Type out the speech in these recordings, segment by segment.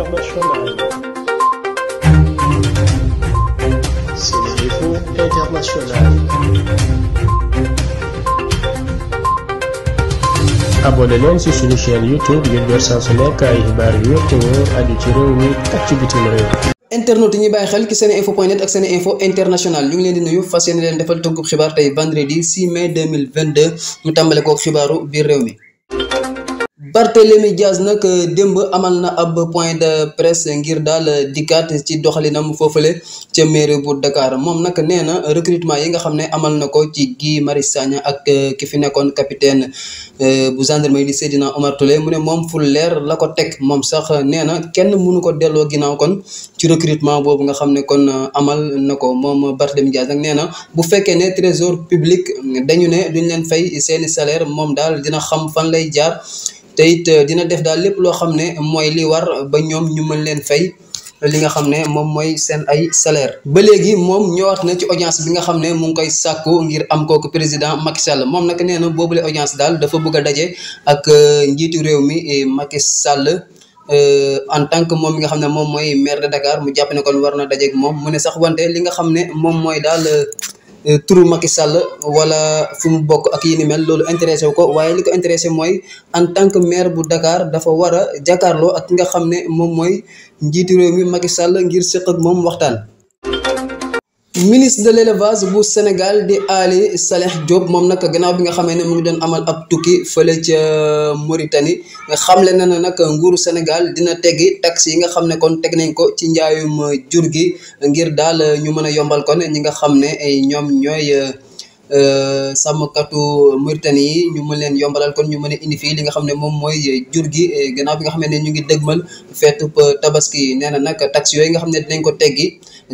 internationale. Sénéinfo International. abonné leen ci suñu chaîne YouTube ngir jot saa su nekk ay xibaar yu wér te wóor aju ci réew mi ak ci bitim réew. internet yi ñuy bàyyi xel ci seneinfo point net ak seneinfo international ñu ngi leen di nuyu fas yéene leen defal tënkub xibaar tey vendredi 6 mai 2022 ñu tàmbale kook xibaaru biir réew mi Barthélemy Diaz nag euh, démb amal na ab point de presse ngir daal dikkaat ci doxalinam foofale ca mairie bu Dakar moom nag nee na recrutement yi nga xam ne amal na ko ci Guy Marius Sagna ak euh, ki fi nekkoon capitaine euh, bu gendarmerie di Seydina Omar Touré mu ne moom fu leer la ko teg moom sax nee na kenn munu ko delloo ginnaaw kon ci recrutement boobu nga xam ne kon amal na ko moom Barthélemy Diaz nag nee na bu fekkee ne trésor public dañu ne duñ leen fay seeni salaire moom daal dina xam fan lay jaar. te it euh, dina def daal lépp loo xam ne mooy li war ba ñoom ñu mën leen fay li nga xam ne moom mooy seen ay salaire ba léegi moom wax na ci audience bi nga xam ne mu ngi koy sàkku ngir am kooku président Macky Sall moom nag nee na boobule audience daal dafa bëgg a daje ak euh, njiitu réew mi euh, Macky Sall. en tant moom mi nga xam ne moom mooy maire de Dakar mu jàpp ne ko war na dajeeg moom mu ne sax wante li nga xam ne moom mooy daal Euh, turu Macky Sall wala fu mu bokk ak yi ni mel loolu intéressé wu ko waaye li ko intéressé mooy en tant que maire bu Dakar dafa war a jàkkaarloo ak nga xam ne moom mooy njiitu réew mi Macky Sall ngir sëq moom waxtaan. ministre de l' élevage bu Sénégal di Ali Saleh Diop moom nag gannaaw bi nga xamee ne mu ngi doon amal ab tukki fële ca euh, Mauritanie nga xamle na ne nag nguuru Sénégal dina teggi taxe yi nga xam ne kon teg nañ ko ci njaayum euh, jur gi ngir daal euh, ñu mën a yombal kon ñi nga xam ne ñoom ñooy. Euh, sàmmkatu Mauritanie yi ñu mën leen yombalal kon ñu mën a indi fii li nga xam ne moom mooy jur gi eh, gannaaw bi nga xam ne ñu ngi dëgmal feetu tabaski nee na nag taxe yooyu nga xam ne dinañ ko teggi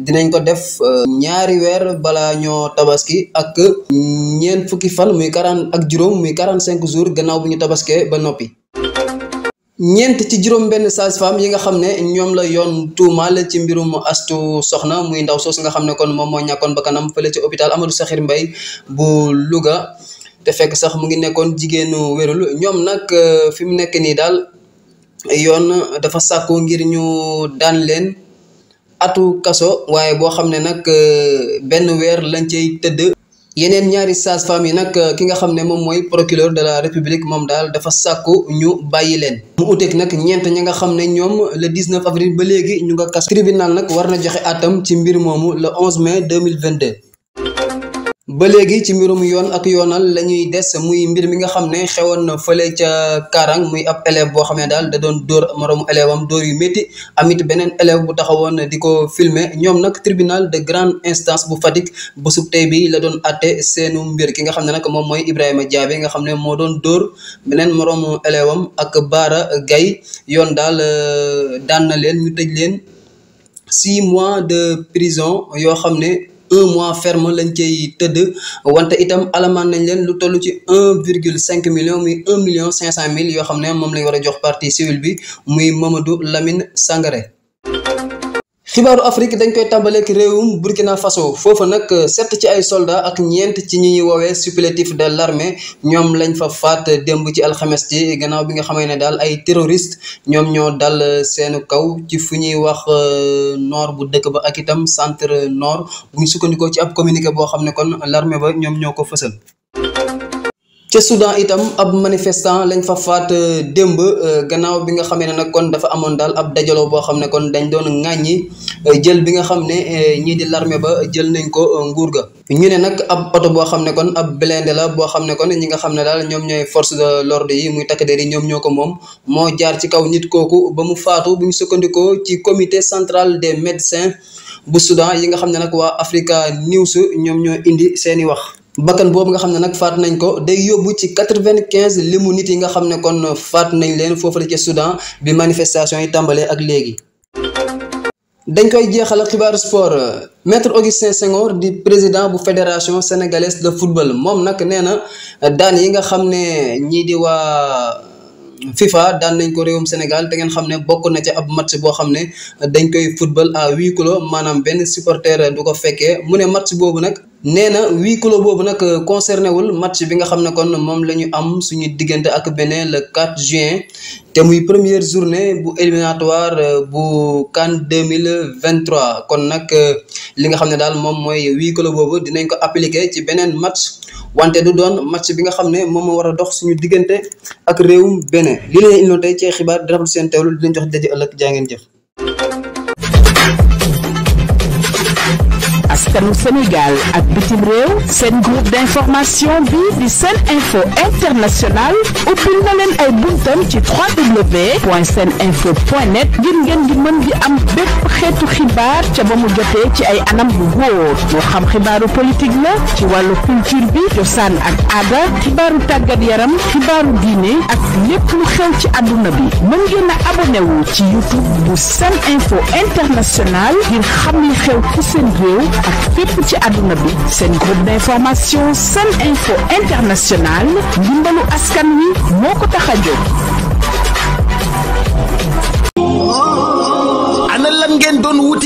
dinañ ko def euh, ñaari weer balaa ñoo tabaski ak ñeent fukki fan muy quarante ak juróom muy quarante cinq jours gannaaw bu ñu tabaskee ba noppi. ñeent ci juróom-benn sage-femme yi nga xam ne ñoom la yoon tuumaal ci mbirum astu soxna muy ndaw soosu nga xam ne kon moom moo ñàkkoon ba kanam fële ci hôpital Amadou Sakhir Mbaye bu Louga te fekk sax mu ngi nekkoon jigéenu wérul ñoom nag euh, fi mu nekk nii daal yoon dafa sàkku ngir ñu daan leen atu kaso waaye boo xam ne nag euh, benn weer lañ cay tëdd. yeneen ñaari sages-femmes yi nag euh, ki nga xam ne moom mooy procureur de la république moom daal dafa sàkku ñu bàyyi leen mu uteeg nag ñeent ñi nga xam ne ñoom le 19 avril ba léegi ñu nga kas tribunal nag war na joxe atam ci mbir moomu le 11 mai 2022 ba léegi ci mbirum yoon ak yoonal la ñuy des muy mbir mi nga xam ne xewoon fële ca Karang muy ab élève boo xam ne daal da doon dóor moroomu élève am dóor yu métti amit beneen élève bu taxawoon di ko filmer ñoom nag tribinal de grande instance bu Fatick bésub tey bi la doon àtte seenu mbir ki nga xam ne nag moom mooy Ibrahima Diaby nga xam ne moo doon dóor beneen moroomu élève ak Baara gay yoon daal euh, daan leen ñu tëj leen six mois de prison yoo xam ne un mois ferme lañ cay tëdd wante itam alamaan nañ leen lu toll ci un virgule cinq million muy un million cinq cent mille yoo xam ne moom lañ war a jox partie civile bi muy Mamadou Lamine Sangaré xibaaru Afrique dañ koy tàmbaleek réewum Burkina Faso foofa nag euh, sett ci ay soldats ak ñeent ci ñi ñuy woowee supplétif de l'armée ñoom lañ fa faat démb ci alxames ci gannaaw bi nga xamee ne daal ay terroristes ñoom ñoo dal euh, seenu kaw ci fu ñuy wax euh, noor bu dëkk ba ak itam centre nord bu ñu sukkandikoo ci ab communiqué boo xam ne kon l'armée ba ñoom ñoo ko fësal. ce Soudan itam ab manifestant lañ fa faat euh, démb euh, gannaaw bi nga xamee ne nag kon dafa amoon daal ab dajaloo boo xam ne kon dañ doon ŋàññi euh, jël bi nga xam ne ñii di l'armée ba jël nañ ko nguur ga. ñu ne nag ab oto boo xam ne kon ab blindé la boo xam ne kon ñi nga xam ne daal ñoom ñooy force de l'ordre yi muy takk der yi ñoom ñoo ko moom moo jaar ci kaw nit kooku ba mu faatu bu ñu sukkandikoo ci comité centrale des médecins bu Soudan yi nga xam ne nag waa Africa News ñoom ñoo indi seeni wax. bakkan boobu nga xam ne nag faat nañ ko day yóbbu ci quatre-vingt-quinze limu nit yi nga xam ne kon faat nañ leen foofu la ci Soudan bi manifestation yi tàmbalee ak léegi. dañ koy jeexal xibaar sport maître Augustin Senghor di président bu fédération sénégalaise de football moom nag nee na daan yi nga xam ne ñii di waa FIFA daan nañ ko réewum Sénégal te ngeen xam ne bokk na ci ab match boo xam ne dañ koy football à huis clos maanaam benn supporter du ko fekkee mu ne match boobu nag. nee na huis clos boobu nag euh, concerné wul match bi nga xam ne kon moom la ñu am suñu diggante ak beneen le juin te muy première journée bu éliminatoire euh, bu CAN 2023 kon nag euh, li nga xam ne daal moom mooy huis clos boobu dinañ ko appliqué ci beneen match wante du doon match bi nga xam ne moom moo war a dox suñu diggante ak réewum beneen lii la ñuy indoon tey ci xibaar di rafetlu seen teewlu dinañ jox daje ëllëg jaa ngeen jëf. askanu Sénégal ak bitim réew seen groupe d'information bi di seen info international ubbil na leen ay buntam ci www.seninfo.net ngir ngeen di mën di am bépp xeetu xibaar ca ba mu jotee ci ay anam bu wóor moo xam xibaaru politique la ci wàllu culture bi cosaan ak aada xibaaru tàggat yaram xibaaru diine ak lépp lu xew ci àdduna bi mën ngeen a ci youtube bu seen info international ngir xam li xew ci seen réew ak fépp ci àdduna bi seen groupe d'information seen info international ndimbalu askan wi moo ko tax a jóg